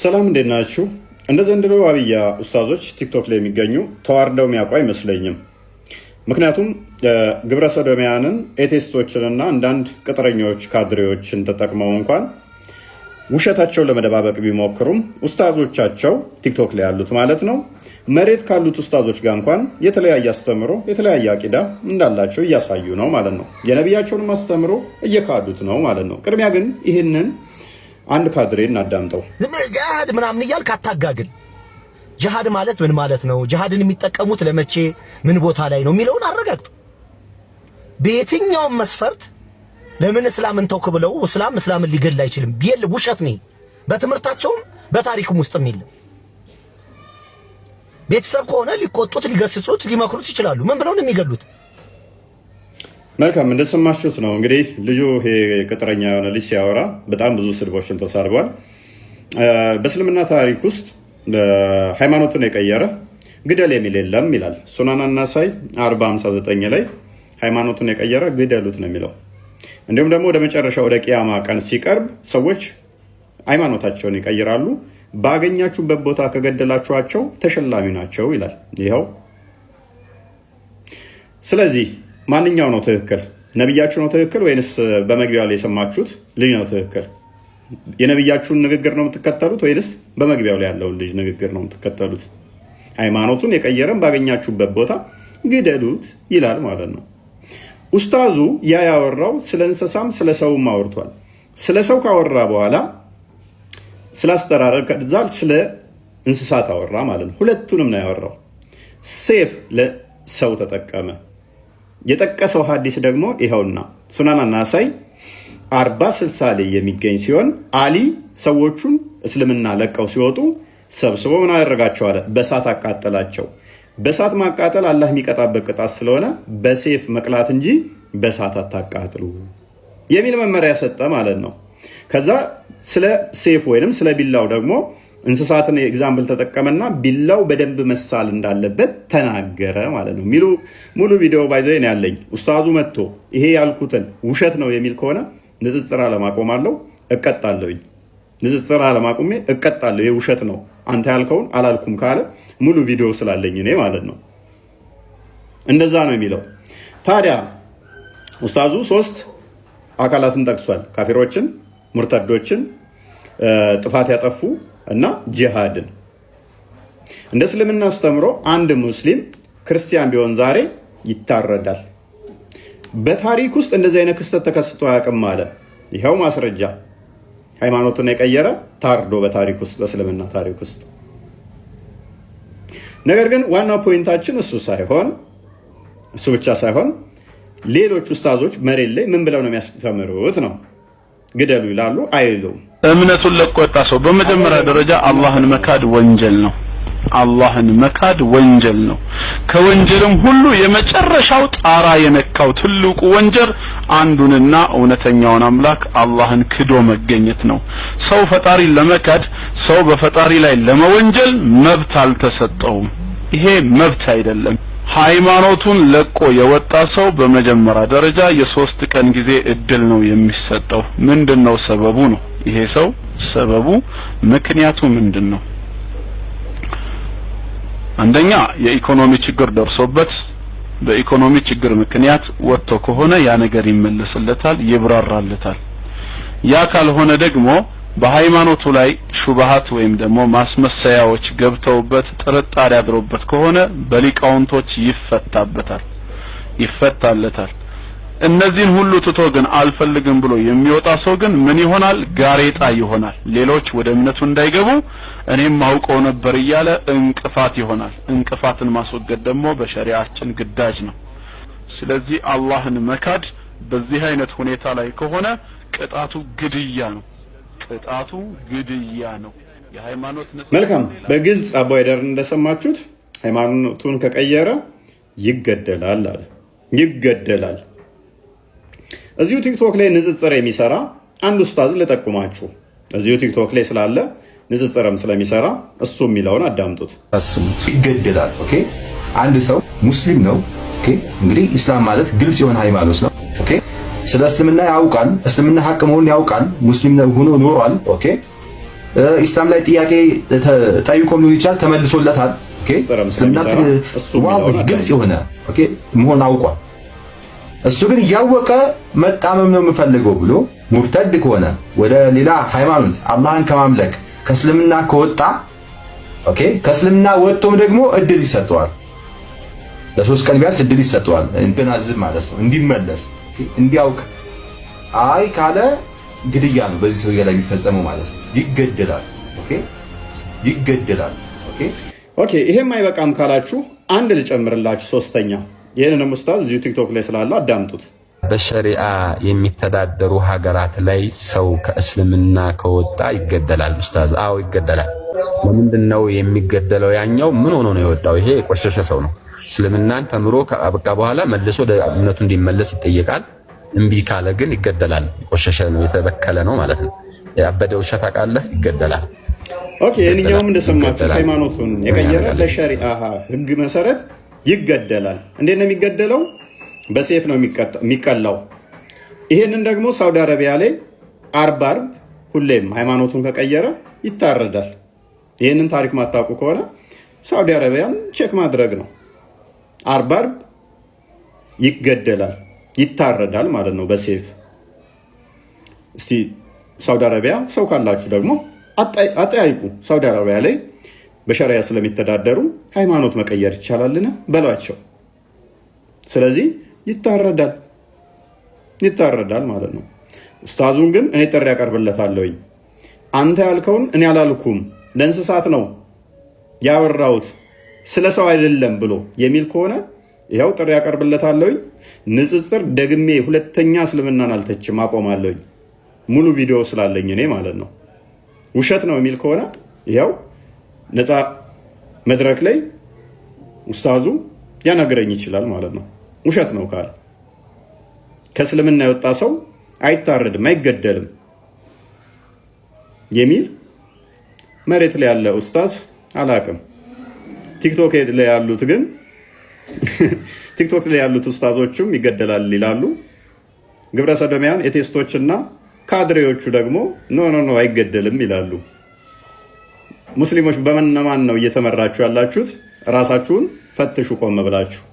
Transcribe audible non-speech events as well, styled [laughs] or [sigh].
ሰላም እንዴት ናችሁ? እንደ ዘንድሮ አብያ ኡስታዞች ቲክቶክ ላይ የሚገኙ ተዋርደው የሚያውቁ አይመስለኝም። ምክንያቱም ግብረ ሰዶሚያንን ኤቴስቶችንና አንዳንድ ቅጥረኞች ካድሬዎችን ተጠቅመው እንኳን ውሸታቸውን ለመደባበቅ ቢሞክሩም ኡስታዞቻቸው ቲክቶክ ላይ ያሉት ማለት ነው መሬት ካሉት ኡስታዞች ጋር እንኳን የተለያየ አስተምሮ የተለያየ አቂዳ እንዳላቸው እያሳዩ ነው ማለት ነው። የነቢያቸውንም አስተምሮ እየካዱት ነው ማለት ነው። ቅድሚያ ግን ይህንን አንድ ካድሬ እናዳምጠው። ጅሃድ ምናምን እያልክ አታጋግል። ጅሃድ ማለት ምን ማለት ነው? ጅሃድን የሚጠቀሙት ለመቼ ምን ቦታ ላይ ነው የሚለውን አረጋግጥ። በየትኛውም መስፈርት ለምን እስላምን ተውክ ብለው እስላም እስላምን ሊገድል አይችልም ቢል ውሸት ነው። በትምህርታቸውም በታሪክም ውስጥ የሚል ቤተሰብ ከሆነ ሊቆጡት፣ ሊገስጹት፣ ሊመክሩት ይችላሉ። ምን ብለው ነው የሚገሉት? መልካም እንደሰማችሁት ነው እንግዲህ ልጁ ቅጥረኛ የሆነ ልጅ ሲያወራ በጣም ብዙ ስድቦችን ተሳድቧል። በእስልምና ታሪክ ውስጥ ሃይማኖቱን የቀየረ ግደል የሚል የለም ይላል። ሱናን አናሳይ 459 ላይ ሃይማኖቱን የቀየረ ግደሉት ነው የሚለው። እንዲሁም ደግሞ ወደ መጨረሻ ወደ ቅያማ ቀን ሲቀርብ ሰዎች ሃይማኖታቸውን ይቀይራሉ፣ ባገኛችሁበት ቦታ ከገደላችኋቸው ተሸላሚ ናቸው ይላል። ይኸው ስለዚህ ማንኛው ነው ትክክል? ነቢያችሁ ነው ትክክል ወይንስ በመግቢያው ላይ የሰማችሁት ልጅ ነው ትክክል? የነቢያችሁን ንግግር ነው የምትከተሉት ወይንስ በመግቢያው ላይ ያለውን ልጅ ንግግር ነው የምትከተሉት? ሃይማኖቱን የቀየረን ባገኛችሁበት ቦታ ግደሉት ይላል ማለት ነው። ኡስታዙ ያ ያወራው ስለ እንስሳም ስለ ሰውም አውርቷል። ስለ ሰው ካወራ በኋላ ስላስተራረድ ከድዛል ስለ እንስሳት አወራ ማለት ነው። ሁለቱንም ነው ያወራው። ሴፍ ለሰው ተጠቀመ። የጠቀሰው ሀዲስ ደግሞ ይኸውና ሱናን ናሳይ አርባ ስልሳ ላይ የሚገኝ ሲሆን አሊ ሰዎቹን እስልምና ለቀው ሲወጡ ሰብስቦ ምን አደረጋቸው አለ? በሳት አቃጠላቸው። በሳት ማቃጠል አላህ የሚቀጣበት ቅጣት ስለሆነ በሴፍ መቅላት እንጂ በሳት አታቃጥሉ የሚል መመሪያ ሰጠ ማለት ነው። ከዛ ስለ ሴፍ ወይንም ስለ ቢላው ደግሞ እንስሳትን ኤግዛምፕል ተጠቀመና ቢላው በደንብ መሳል እንዳለበት ተናገረ ማለት ነው። ሚሉ ሙሉ ቪዲዮ ባይዘን ያለኝ ኡስታዙ መጥቶ ይሄ ያልኩትን ውሸት ነው የሚል ከሆነ ንጽጽር አለማቆም አለው እቀጣለሁኝ። ንጽጽር አለማቆሜ እቀጣለሁ። ይሄ ውሸት ነው አንተ ያልከውን አላልኩም ካለ ሙሉ ቪዲዮ ስላለኝ እኔ ማለት ነው። እንደዛ ነው የሚለው። ታዲያ ኡስታዙ ሶስት አካላትን ጠቅሷል። ካፊሮችን፣ ሙርተዶችን፣ ጥፋት ያጠፉ እና ጂሃድን እንደ እስልምና አስተምሮ አንድ ሙስሊም ክርስቲያን ቢሆን ዛሬ ይታረዳል። በታሪክ ውስጥ እንደዚህ አይነት ክስተት ተከስቶ አያውቅም አለ። ይኸው ማስረጃ ሃይማኖቱን የቀየረ ታርዶ በታሪክ ውስጥ በእስልምና ታሪክ ውስጥ። ነገር ግን ዋናው ፖይንታችን እሱ ሳይሆን እሱ ብቻ ሳይሆን ሌሎች ውስታዞች መሬት ላይ ምን ብለው ነው የሚያስተምሩት ነው። ግደሉ ይላሉ አይሉም። እምነቱን ለቆ ወጣ ሰው በመጀመሪያ ደረጃ አላህን መካድ ወንጀል ነው። አላህን መካድ ወንጀል ነው። ከወንጀልም ሁሉ የመጨረሻው ጣራ የነካው ትልቁ ወንጀል አንዱንና እውነተኛውን አምላክ አላህን ክዶ መገኘት ነው። ሰው ፈጣሪ ለመካድ ሰው በፈጣሪ ላይ ለመወንጀል መብት አልተሰጠውም። ይሄ መብት አይደለም። ሃይማኖቱን ለቆ የወጣ ሰው በመጀመሪያ ደረጃ የሶስት ቀን ጊዜ እድል ነው የሚሰጠው። ምንድነው ሰበቡ ነው ይሄ ሰው ሰበቡ ምክንያቱ ምንድነው? አንደኛ የኢኮኖሚ ችግር ደርሶበት በኢኮኖሚ ችግር ምክንያት ወጥቶ ከሆነ ያ ነገር ይመለስለታል፣ ይብራራለታል። ያ ካልሆነ ደግሞ በሃይማኖቱ ላይ ሹብሃት ወይም ደግሞ ማስመሰያዎች ገብተውበት ጥርጣሬ አድሮበት ከሆነ በሊቃውንቶች ይፈታበታል ይፈታለታል እነዚህን ሁሉ ትቶ ግን አልፈልግም ብሎ የሚወጣ ሰው ግን ምን ይሆናል ጋሬጣ ይሆናል ሌሎች ወደ እምነቱ እንዳይገቡ እኔም አውቀው ነበር እያለ እንቅፋት ይሆናል እንቅፋትን ማስወገድ ደግሞ በሸሪዓችን ግዳጅ ነው ስለዚህ አላህን መካድ በዚህ አይነት ሁኔታ ላይ ከሆነ ቅጣቱ ግድያ ነው ቅጣቱ ግድያ ነው። የሃይማኖት መልካም በግልጽ አባ እንደሰማችሁት ሃይማኖቱን ከቀየረ ይገደላል አለ። ይገደላል። እዚሁ ቲክቶክ ላይ ንጽጽር የሚሰራ አንድ ኡስታዝ ልጠቁማችሁ። እዚሁ ቲክቶክ ላይ ስላለ ንጽጽርም ስለሚሰራ እሱ የሚለውን አዳምጡት። ይገደላል። አንድ ሰው ሙስሊም ነው። እንግዲህ ኢስላም ማለት ግልጽ የሆነ ሃይማኖት ነው። ስለ እስልምና ያውቃል፣ እስልምና ሀቅ መሆኑን ያውቃል፣ ሙስሊም ሆኖ ኖሯል። ኦኬ ኢስላም ላይ ጥያቄ ጠይቆ ሊሆን ይችላል፣ ተመልሶለታል። ግልጽ የሆነ መሆን አውቋል። እሱ ግን እያወቀ መጣመም ነው የምፈልገው ብሎ ሙርተድ ከሆነ ወደ ሌላ ሃይማኖት አላህን ከማምለክ ከእስልምና ከወጣ ከእስልምና ወጥቶም ደግሞ እድል ይሰጠዋል። ለሶስት ቀን ቢያንስ እድል ይሰጠዋል ብናዝብ ማለት ነው እንዲመለስ እንዲያውቅ አይ ካለ ግድያ ነው በዚህ ሰውዬ ላይ የሚፈጸመው ማለት ነው። ይገደላል። ኦኬ ይገደላል። ኦኬ ኦኬ። ይሄም አይበቃም ካላችሁ አንድ ልጨምርላችሁ፣ ሶስተኛ። ይህንንም ኡስታዝ እዚሁ ቲክቶክ ላይ ስላለ አዳምጡት። በሸሪአ የሚተዳደሩ ሀገራት ላይ ሰው ከእስልምና ከወጣ ይገደላል። ኡስታዝ አዎ ይገደላል። ለምንድን ነው የሚገደለው? ያኛው ምን ሆኖ ነው የወጣው? ይሄ የቆሸሸ ሰው ነው እስልምናን ተምሮ ከአበቃ በኋላ መልሶ ወደ እምነቱ እንዲመለስ ይጠየቃል። እምቢ ካለ ግን ይገደላል። ቆሸሸ ነው፣ የተበከለ ነው ማለት ነው። ያበደ ውሻ ይገደላል። ኦኬ እኛውም እንደሰማችሁ ሃይማኖቱን የቀየረ በሸሪአ ህግ መሰረት ይገደላል። እንዴት ነው የሚገደለው? በሴፍ ነው የሚቀላው። ይሄንን ደግሞ ሳውዲ አረቢያ ላይ አርብ አርብ ሁሌም ሃይማኖቱን ከቀየረ ይታረዳል። ይህንን ታሪክ ማታውቁ ከሆነ ሳውዲ አረቢያን ቼክ ማድረግ ነው። አርብ አርብ ይገደላል፣ ይታረዳል ማለት ነው በሴፍ። እስቲ ሳውዲ አረቢያ ሰው ካላችሁ ደግሞ አጠያይቁ። ሳውዲ አረቢያ ላይ በሸሪያ ስለሚተዳደሩ ሃይማኖት መቀየር ይቻላልን በሏቸው። ስለዚህ ይታረዳል ይታረዳል ማለት ነው። ኡስታዙን ግን እኔ ጥሪ ያቀርብለታለሁኝ። አንተ ያልከውን እኔ አላልኩም፣ ለእንስሳት ነው ያወራሁት ስለ ሰው አይደለም ብሎ የሚል ከሆነ ይኸው ጥሪ ያቀርብለታለሁኝ። ንጽጽር ደግሜ ሁለተኛ እስልምናን አልተችም አቆማለሁኝ። ሙሉ ቪዲዮ ስላለኝ እኔ ማለት ነው። ውሸት ነው የሚል ከሆነ ይኸው ነፃ መድረክ ላይ ውስታዙ ያናገረኝ ይችላል ማለት ነው። ውሸት ነው ካለ ከእስልምና የወጣ ሰው አይታረድም፣ አይገደልም የሚል መሬት ላይ ያለ ውስታዝ አላቅም። ቲክቶክ ላይ ያሉት ግን [laughs] ቲክቶክ ላይ ያሉት ኡስታዞቹም ይገደላል ይላሉ። ግብረ ሰዶሚያን ኤቴስቶችና ካድሬዎቹ ደግሞ ኖ ኖ ኖ አይገደልም ይላሉ። ሙስሊሞች በመነማን ነው እየተመራችሁ ያላችሁት? ራሳችሁን ፈትሹ ቆም ብላችሁ።